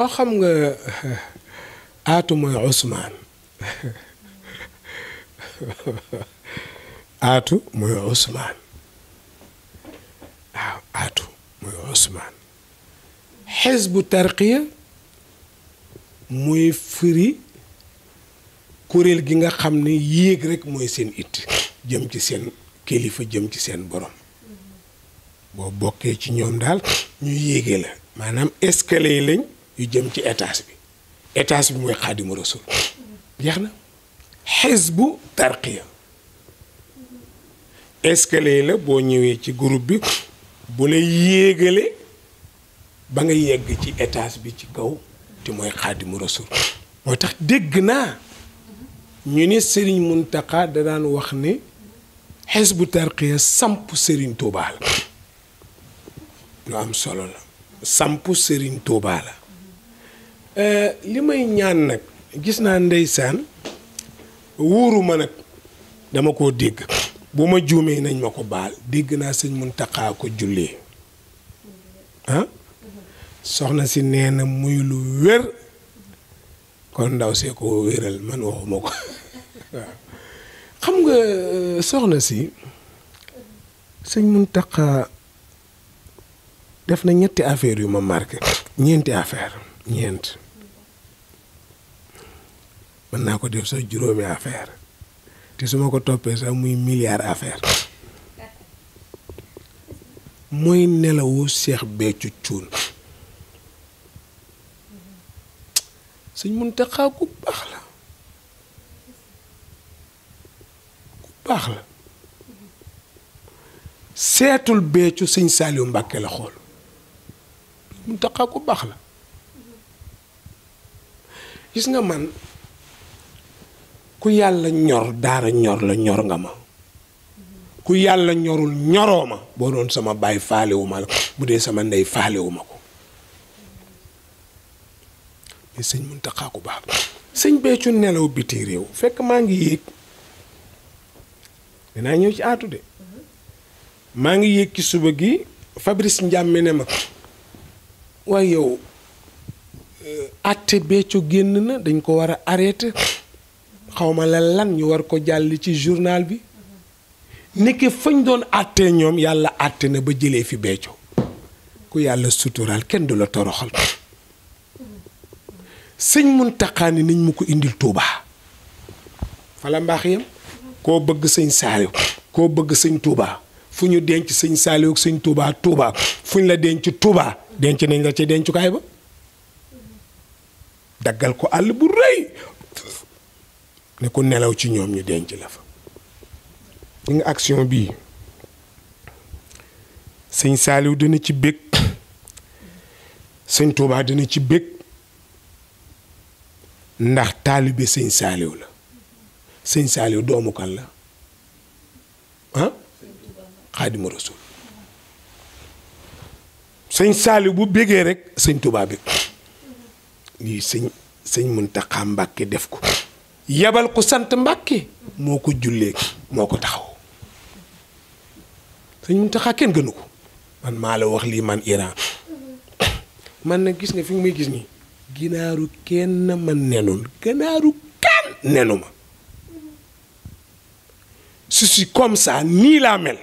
waaw xam nga aatu mooy Ousmane aatu mooy Ousmane waaw aatu mooy Ousmane xisbu tarqiya mooy firi kuréel gi nga xam ni yéeg rek mooy seen it jëm ci seen kilifa jëm ci seen borom boo bokkee ci ñoom daal ñu yéege la maanaam yi lañ yu jëm ci étage bi etaas bi mooy xaadimu rasul jeex na xisbu tarqiya escalier la boo ñëwee ci groupe bi bu lay yéegale ba nga yegg ci etaas bi ci kaw te mooy xaadimu rasul moo tax dégg naa ñu ne Serigne Mountakha da daan wax ni ne bu tarqiya samp sëriñ Touba la lu am solo la samp Serigne Touba la Euh, li may ñaan nag gis naa ndeysaan wóoru ma nag dama koo dégg bu ma juumee nañ ma ko baal dégg naa sëñ Muntaxa ko jullee ah? soxna si nee na muy lu wér kon ndaw see ko wéral man waxuma ko xam nga euh, soxna si sëñ Muntaxa def na ñetti affaire yu ma marqué ñeenti affaire ñeent mën naa ko def sax juróomi affaire te su ma ko toppee sax muy milliard affaire mooy nelawu seex beccu cuun sëñ Muntaxa ku baax la ku baax la seetul beccu sëñ Saaliw Mbàkke la xool Muntaxa ku baax la gis nga man ku yàlla ñor daara ñor la ñor nga ma ku yàlla ñorul ñoroo ma boo doon sama baay faalewu ma la bu dee sama ndey faalewu ko mais sëñ Muntaxa ku nelaw biti réew fekk maa ngi yéeg dinaa ñëw ci aatu de maa ngi yéeg ci suba gi fabiris Ndiame ne ma waaye yow atte Béthio génn na dañ ko war a arrêté xawma la lan ñu war ko jàll ci journal bi nekk fañ doon atte ñoom yàlla atte na ba jëlee fi Béthio ku yàlla suturaal kenn du la toroxal sëñ Muntaxa ni nañ mu ko indi Tuubaa fala mbaax yam koo bëgg sëñ Saaliw koo bëgg sëñ Tuubaa fu ñu denc sëñ Saaliw ak sëñ Tuubaa Tuubaa fu ñu la denc Tuubaa denc nañ la ci dencukaay ba daggal ko àll bu rëy ne ku nelaw ci ñoom ñu denc la fa li nga bii sëñ Saaliw dina ci bég sëñ Tuubaa dina ci bég ndax taalibe sëñ Saaliw la sëñ Saaliw doomu kan la ah xaadima rasul sëñ Saaliw bu bégee rek sëñ Tuubaa bég lii sëñ sëñ Muntaxa Mbàkke def ko yabal ko sant Mbàkke moo ko jullee moo ko taxaw sëñ Muntaxa kenn gënu ko man maa la wax lii man Iran man na gis nga fi nga may gis nii ginaaru kenn man nenul ganaaru kenn nenu ma su si comme ça nii laa mel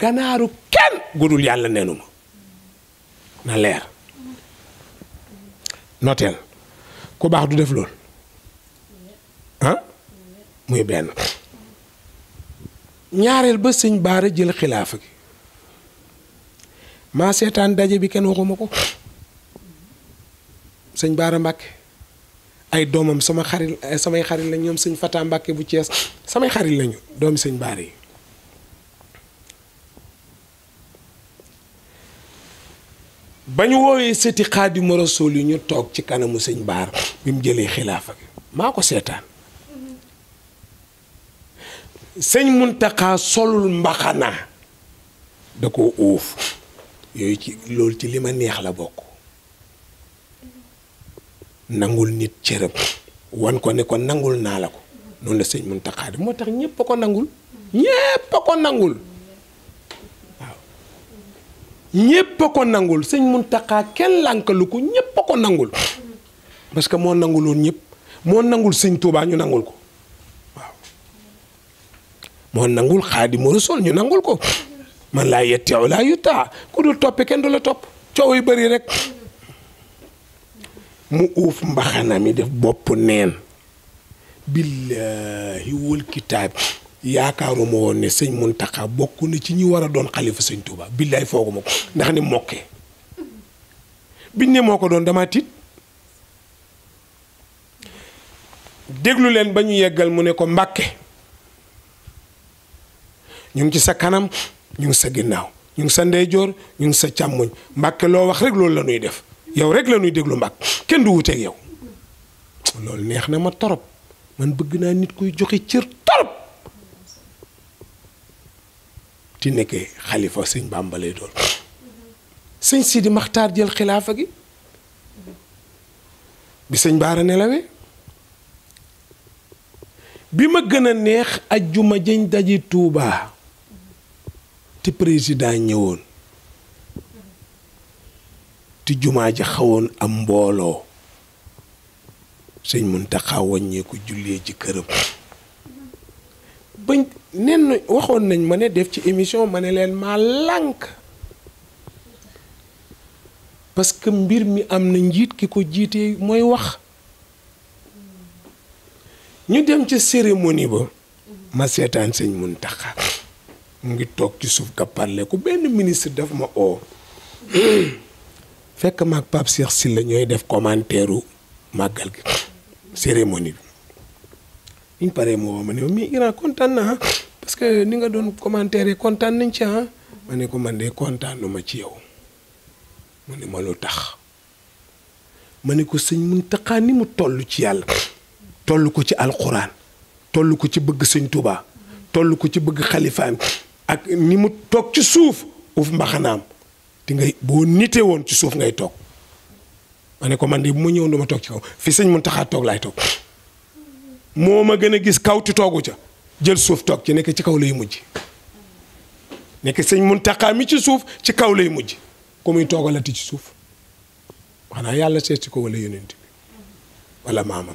ganaaru kenn gudul yàlla nenu ma na leer noteel ku baax du def loolu ah muy benn ñaareel ba sëñ baara jël xilaafa gi maa seetaan daje bi kenn waxuma ko sëñ baara mbàkke ay doomam sama xarit eh, samay xarit lañ ñoom sëñ fataa mbàkke bu cees samay xarit lañu doomi sëñ baara yi ba ñu woowee sëti xaadimu rasul yi ñu toog ci kanamu sëñ baar bi mu jëlee xilaafa gi maa ko seetaan sëñ muntaxaa solul mbaxana da ko uuf yooyu ci loolu ci li ma neex la bokk nangul nit cërëb wan ko ne ko nangul naa la ko noonu la sëñ muntaxaa di moo tax ñépp ko nangul ñépp ko nangul ñépp a ko nangul sëñ Muntaxa kenn lànkalu ko ñépp a ko nangul parce que moo nangul ñépp moo nangul sëñ Tuubaa ñu nangul ko waaw moo nangul Xaadimu Rasuul ñu nangul ko man laa yetteew laa yuttaa ku dul toppi kenn du la topp coow yu bari rek mu uuf mbaxana mi def bopp neen billaahi wal kitaab yaakaaruma woon ne sëñ Muntaxa bokk na ci ñu war a doon xalifa sëñ Touba billaay fooguma ko ndax ni mokkee biñ ne moo ko doon dama tiit déglu leen ba ñu yeggal mu ne ko mbàkke ñu ngi ci sa kanam ñu ngi sa ginnaaw ñu ngi sa ndeyjoor ñu ngi sa càmmoñ mbàkke loo wax rek loolu la ñuy def yow rek la ñuy déglu mbàkk kenn du wuteeg yow loolu neex na ma torop man bëgg naa nit kuy joxe cër torop di nekkee xalifa sëñ Bàmba lay doon sëñ Sidi Maxtaar jël xilaafa gi bi sëñ Baara nelawee bi ma gën a neex ajjuma jëñ daji Tuubaa te président ñëwoon te jumaa ji xawoon am mbooloo sëñ Muntaxa wàññeeku jullee ci këram bañ nen waxoon nañ ma ne def ci émission ma ne leen maa lànk parce que mbir mi am na njiit ki ko jiitee mooy wax ñu dem ca cérémonie ba ma seetaan sëñ Muntaxa mu ngi toog ci suuf ga ku benn ministre daf ma oo fekk maag Pape Cheikh Sylla def commentaire u màggal gi cérémonie bi bi ñu moo woo ma ne mais Iran kontaan na ah, parce que ni nga doon commentaire kontaan nañ ci ah. ma ne ko man de ma ci yow mu ne ma lu tax ma ne ko sëñ Muntaxa ni mu toll ci yàlla toll ko ci alxuraan toll ko ci bëgg sëñ Tuubaa toll ko ci bëgg xalifaam ak ni mu toog ci suuf uuf mbaxanaam di ngay boo nitee woon ci suuf ngay toog ma ne ko man de bu ma ñëwoon duma toog ci kaw fi mun taxaa toog laay toog. moo ma gën a gis kaw ti toogu ca jël suuf toog ci nekk ci kaw lay mujj nekk sëñ Muntaxa mi ci suuf ci kaw lay mujj ku muy toogalati ci suuf wax naa yàlla seet ci ko wala yonent bi wala maamam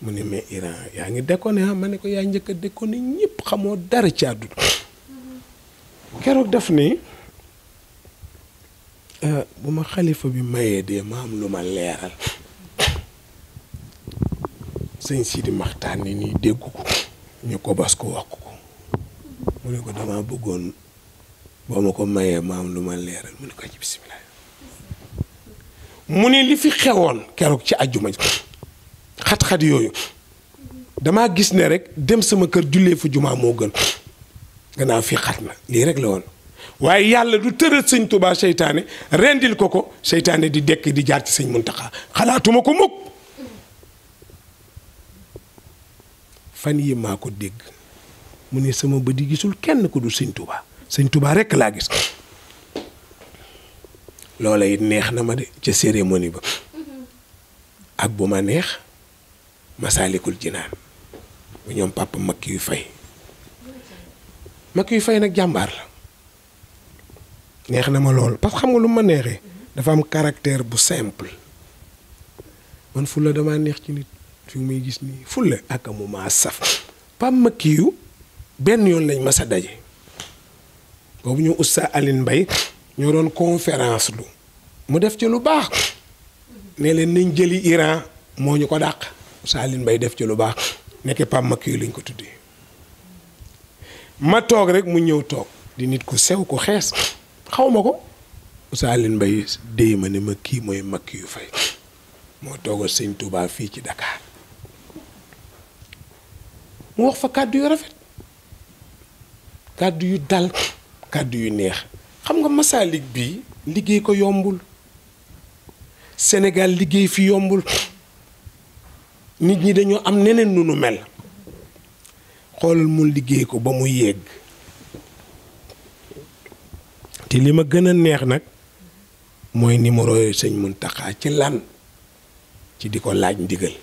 mu ne mais Iran yaa ngi déconné ah ma ne ko yaa njëkk a déconné ñëpp xamoo dara ci àdduna keroog def ni euh, bu ma xalifa bi mayee dee ma lu ma leeral sëñ Sidi Maxtaar ni nii dégg ko ñu ko bas ko wax ko mu ne ko dama bëggoon boo ma ko mayee maam lu ma leeral mu ne ko ci bisimilah mu ne li fi xewoon keroog ci àjjuma xat-xat yooyu damaa gis ne rek dem sama kër jullee fu jumaa moo gën gannaaw fi xat na lii rek la woon waaye yàlla du tëral sëñ Tuubaa seytaane rendil ko ko seytaane di dekk di jaar ci sëñ Muntaxa xalaatuma ko mukk fan yi maa ko dégg mu ne sama bët yi gisul kenn ku du sëñ Touba sëñ Touba rekk laa gis loola it neex na ma de ca cérémonie ba ak bu ma neex masaalikul jinaan bu ñoom papa makk yu fay makk yu fay nag jàmbaar la neex na ma lool parce que xam nga lu ma neexee dafa am caractère bu simple man fulla damaa neex ci nit fi muy gis nii fulla ak mu maa saf pam ma kiiw benn yoon lañ mas a daje boobu ñu Oustaz Aline Mbaye ñoo doon conférence lu mu def ci lu baax ne leen nañ jëli Iran moo ko dàq Oustaz Aline def ci lu baax nekk pam ma lañ ko tuddee ma toog rek mu ñëw toog di nit ku sew ku xees xaw ma ko Oustaz Aline Mbaye déy ma ne ma kii mooy Makiyu Faye moo toogal sëñ Touba fii ci Dakar mu wax fa kàddu yu rafet kàddu yu dal kàddu yu neex xam nga masaalig bi liggéey ko yombul Sénégal liggéey fi yombul nit ñi dañoo am neneen nu nu mel xoolal mu liggéey ko ba mu yéeg te li ma gën a neex nag mooy numéro yooyu mun Muntaxa ci lan ci di ko laaj ndigal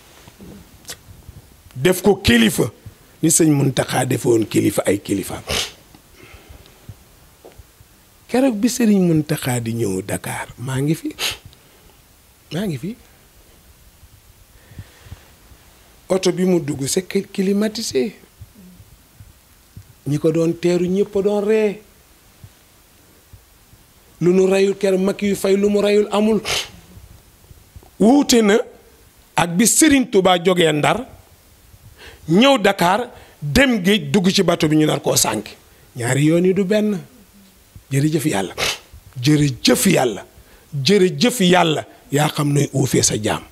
def ko kilifa ni sëñ Muntaxa defoon kilifa ay kilifa keroog bi sëriñ Muntaxa di ñëw Dakar maa ngi fi maa ngi fi oto bi mu dugg c'est climatisé ñi ko doon teeru ñëpp doon ree lu nu reyul keroog mag yu fay lu mu reyul amul wuute na ak bi sëriñ Tuubaa jógee Ndar ñëw dakaar dem géej dugg ci bato bi ñu nar koo sànk ñaari yoon yi du benn jërëjëf yàlla jëf yàlla jëre jëf yàlla yaa xam nooy uufee sa jaam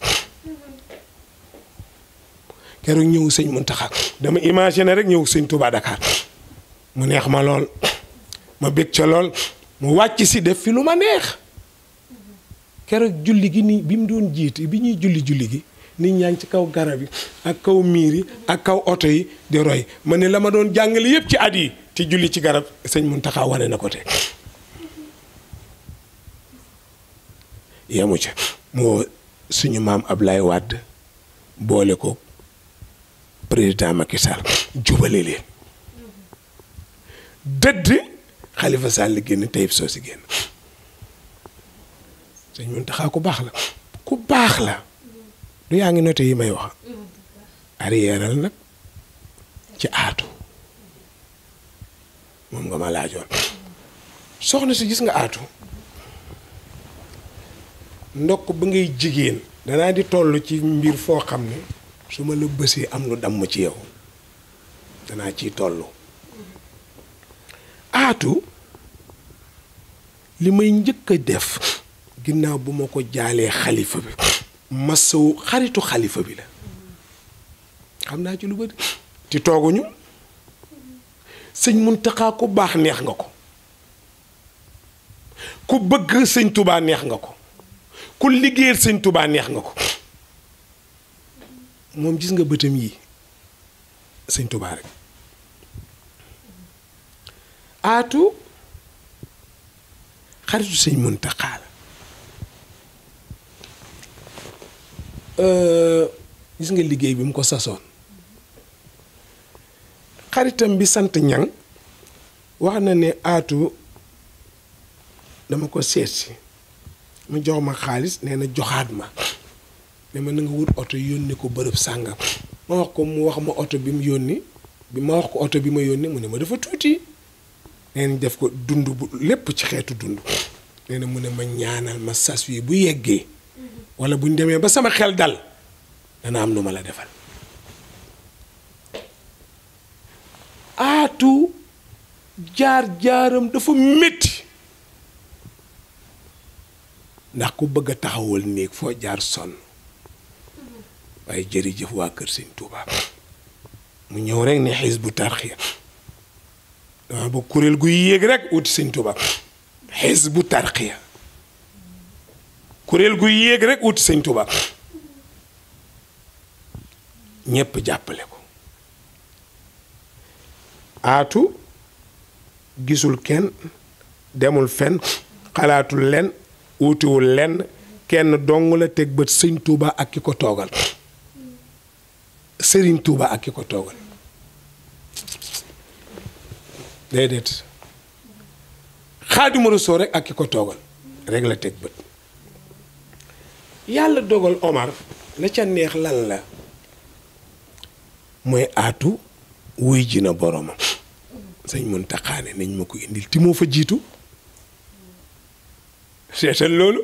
keroog ñëw sëñ Muntaxa dama imaginer rek ñëw sëñ Touba Dakar mu neex ma lool ma bég ca lool mu wàcc si def fi lu ma neex keroog julli gi nii bi mu doon jiite bi ñuy julli julli gi nit ñaa ngi ci kaw garab yi ak kaw miir yi ak kaw oto yi di roy ma ne la ma doon jàngale yépp ci at yi te julli ci garab sëñ Muntaxa wane na ko te yemu ca moo suñu maam Ablaye boole ko président Macky Sall jubale leen dëdd génn Taïb Socé génn sëñ ku baax la ku baax la lu yaa ngi noté yi may wax mm-hmm. arrièral nag ci aatu moom nga ma laajoon soxna si gis nga aatu ndokk ba ngay jigéen danaa di toll ci mbir foo xam ne su ma la bësee am lu damm ci yow danaa ciy tollu mm-hmm. aatu li may njëkk a def ginnaaw bu ma ko jaalee xalifa bi masawu xaritu xalifa bi la xam naa ci lu bëri ci tooguñu sëñ Muntaxa ku baax neex nga ko ku bëgg sëñ Tubaa neex nga ko ku liggéeyal sëñ Tubaa neex nga ko moom gis nga bëtam yi sëñ Tubaa rek aatu xaritu sëñ Muntaxa la Euh, gis nga liggéey bi mu ko sasoon xaritam bi sant ñan wax na ne aatu dama ko seet si mu jox ma xaalis nee na joxaat ma ne ma na nga wut oto yónni ko bërëb sàngam ma wax ko mu wax ma oto bi mu yónni bi ma wax ko oto bi ma yónni mu ne ma dafa tuuti nee def ko dund bu lépp ci xeetu dund nee na mu ne ma ñaanal ma sas wi bu yeggee wala bu ñu demee ba sama xel dal dana am lu ma la defal aatu jaar-jaaram dafa métti ndax ku bëgg a taxawal néeg foo jaar sonn waaye jërëjëf waa kër sëñ Tuubaa mu ñëw rek ne xisbu tarxiya dama ba kuréel guy yéeg rek wuti sëñ Tuubaa xisbu tarxiya kuréel gu yéeg rekk wuti sëñ Tuubaa ñépp jàppale ko aatu gisul kenn demul fen xalaatul leen wutiwul lenn kenn dong la teg bët sëñ Tuuba ak ki ko toogal sëriñ Tuuba ak ki ko toogal déedéet xaadimu rasuul rek ak ki ko toogal rek la teg bët yàlla dogal Omar la ca neex lan la mooy aatu wuy ji na boromam sañ mun taxaane nañ ma ko indil ti moo fa jiitu seetal loolu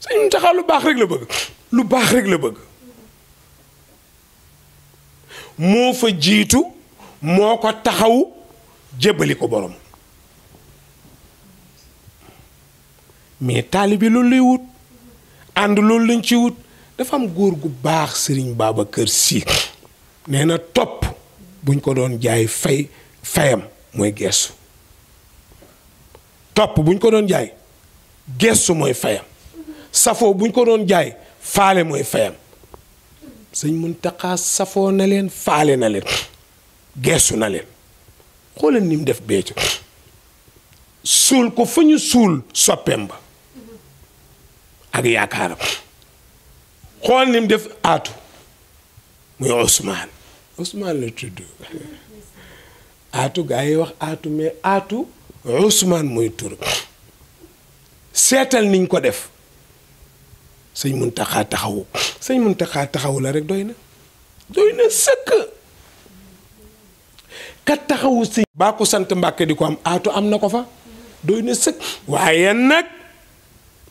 sañ mun taxaa lu baax rek la bëgg lu baax rek la bëgg moo fa jiitu moo ko taxaw jébbali ko borom mais taalibi loolu lay wut ànd loolu lañ ci wut dafa am góor gu baax sëriñ baaba Sy nee na topp buñ ko doon jaay fay fayam mooy geesu topp buñ ko doon jaay geesu mooy fayam safoo buñ ko doon jaay faale mooy fayam sëñ Muntaxa safoo na leen faale na leen geesu na leen xoolal ni mu def beeco suul ko fa ñu suul soppeem ba ak yaakaaram xool ni mu def aatu muy Ousmane Ousmane la tudd aatu gaa yi wax aatu mais aatu Ousmane mooy tur seetal niñ ko def sëñ taxaa taxawu sëñ taxaa taxawu la rek doy na doy na sëkk kat taxawu sëñ baa ko sant Mbàkke di ko am aatu am na ko fa doy na sëkk waaye nag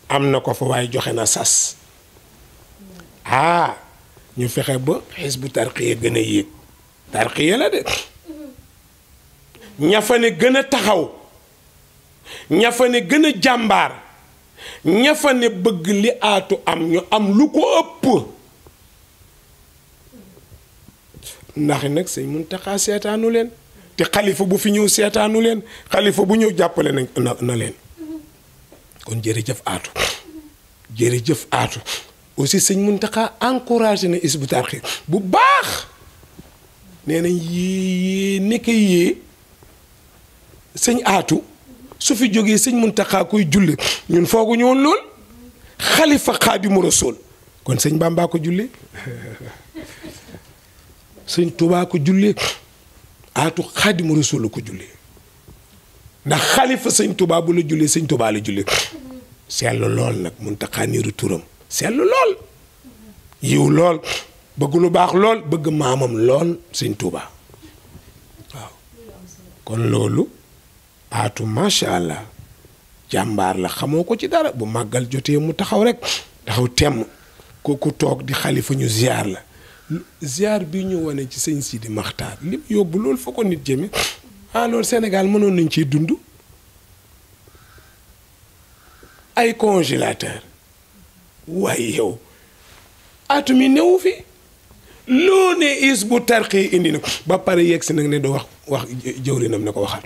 am na ko fa waaye joxe na sas ah ñu fexe ba xisbu tarqiya gën a yéeg tarqiya la de ñafane gën a taxaw ñafane gën a jàmbaar ñafane bëgg li aatu am ñu am lu ko ëpp ndax nag mun Muntaxa seetaanu leen te xalifa bu fi ñëw seetaanu leen xalifa bu ñëw jàppale na na leen kon jërëjëf aatu jërëjëf aatu aussi sëñ Muntaxa encouragé ne Hizbut Tarqiyyah bu baax nee nañ yée nekk yée sëñ aatu su fi jógee sëñ Muntaxa koy julli ñun fooguñu woon lool xalifa Xaadimu Rasuul kon sëñ Bàmbaa ko julli sëñ Tuubaa ko julli aatu Xaadimu Rasuul ko julli ndax xalifa sëñ tubaabu la jullee sëñ tubaa la jullee seetlu lool nag mun Muntaxa niiru turam seetlu lool yiw lool bëgg lu baax lool bëgg maamam lool sëñ tubaa waaw kon loolu aatu macha allah jàmbaar la xamoo ko ci dara bu màggal jotee mu taxaw rek taxaw temm kooku toog di xalifa ñu ziar la ziar bi ñu wane ci sëñ Sidi Maxtaar li mu yóbbu lool fa ko nit jëme ah loolu Sénégal mënoon nañ ciy dund ay congélateur waaye yow atumi newu fi loo ne is bu tarxee indi na ko ba pare yegg si nag ne doo wax wax jëwrinam ne ko waxal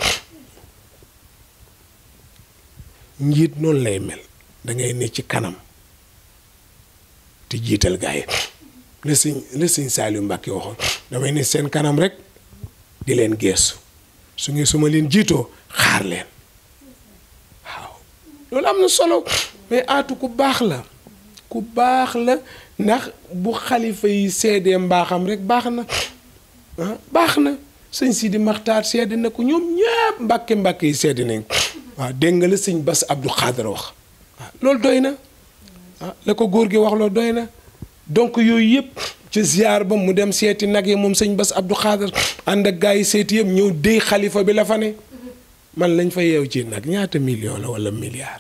njiit noonu lay mel dangay ne ci kanam te jiital gaay la sëñ la sëñ waxoon damay ne seen kanam rek di leen geesu su ngeen su leen jiitoo xaar leen waaw loolu am na solo mais aatu ku baax la ku baax la ndax bu xalifa yi seedee mbaaxam rek baax na ah, baax na sëñ Sidi Maxtaar sedd na ku ñoom ñëpp mbàkke mbàkke yi sedd nañ ko waaw dégg nga la sëñ Bass Abdou Khadre wax loolu doy na ah la ko góor gi wax loolu doy na donc yooyu yëpp. ci ziar ba mu dem seeti nag yi moom sëñ Bass Abdou Khadre ànd ak gars yi seeti yëpp ñëw déy xalifa bi la fa ne man lañ fa yeew ci nag ñaata million la wala milliar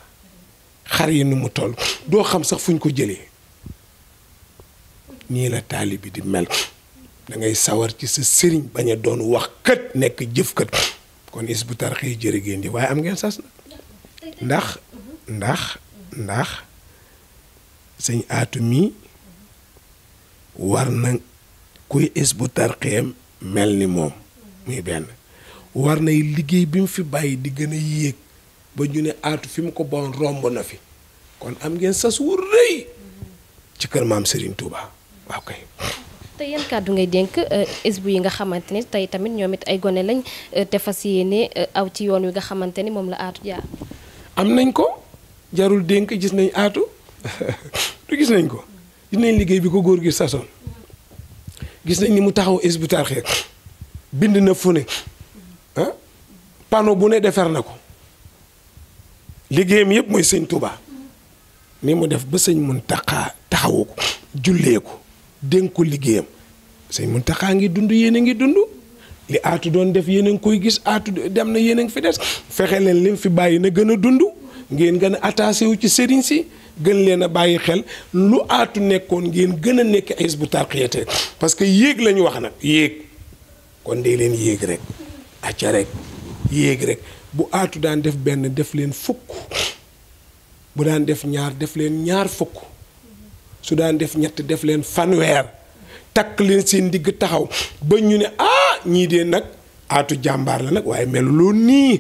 xar yi nu mu toll doo xam sax fuñ ko jëlee nii la taali bi di mel dangay sawar ci sa sëriñ bañ a doon wax kat nekk jëf kat kon is bu tarxee jërë ngeen ji waaye am ngeen sas na ndax ndax ndax sëñ aatu mii war na kuy Hizbut Tarqiyyah mel ni moom muy benn war nay liggéey bi mu fi bàyyi di gën a yéeg ba ju ne aatu fi mu ko bon romb na fi kon am ngeen sas wu rëy ci kër maam Serigne Touba waaw kay. te yan kàddu ngay dénk euh, isbu yi nga xamante ne tey tamit ñoom it ay gone lañ euh, te fas yéene euh, aw ci yoon wi nga xamante ni moom la aatu jaar. am nañ ko jarul dénk gis nañ aatu du gis nañ ko. gis liggéey bi ko góor gi sasoon gis nañ ni mu taxaw isbitar xeet bind na fu ne ah bu ne defar na ko liggéeyam yëpp mooy sëñ Touba ni mu def ba sëñ Mountakha taxawu ko jullee ko dénk liggéeyam sëñ mun Mountakha ngi dund yéen a ngi dund li aatu doon def yéen a ngi koy gis aatu dem na yéen a ngi fi des fexe leen lim fi bàyyi na gën a dund ngeen gën a attaché wu ci sëriñ si gën leen a bàyyi xel lu aatu nekkoon ngeen gën a nekk ay bu Tarqiyyah parce que yéeg la wax nag yéeg kon dee leen yéeg rek acca rek yéeg rek bu aatu daan def benn def leen fukk bu daan def ñaar def leen ñaar fukk su daan def ñett def leen fanweer takk leen seen digg taxaw ba ñu ne ah ñii dee nag aatu jàmbaar la nag waaye melu loon nii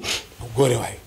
góore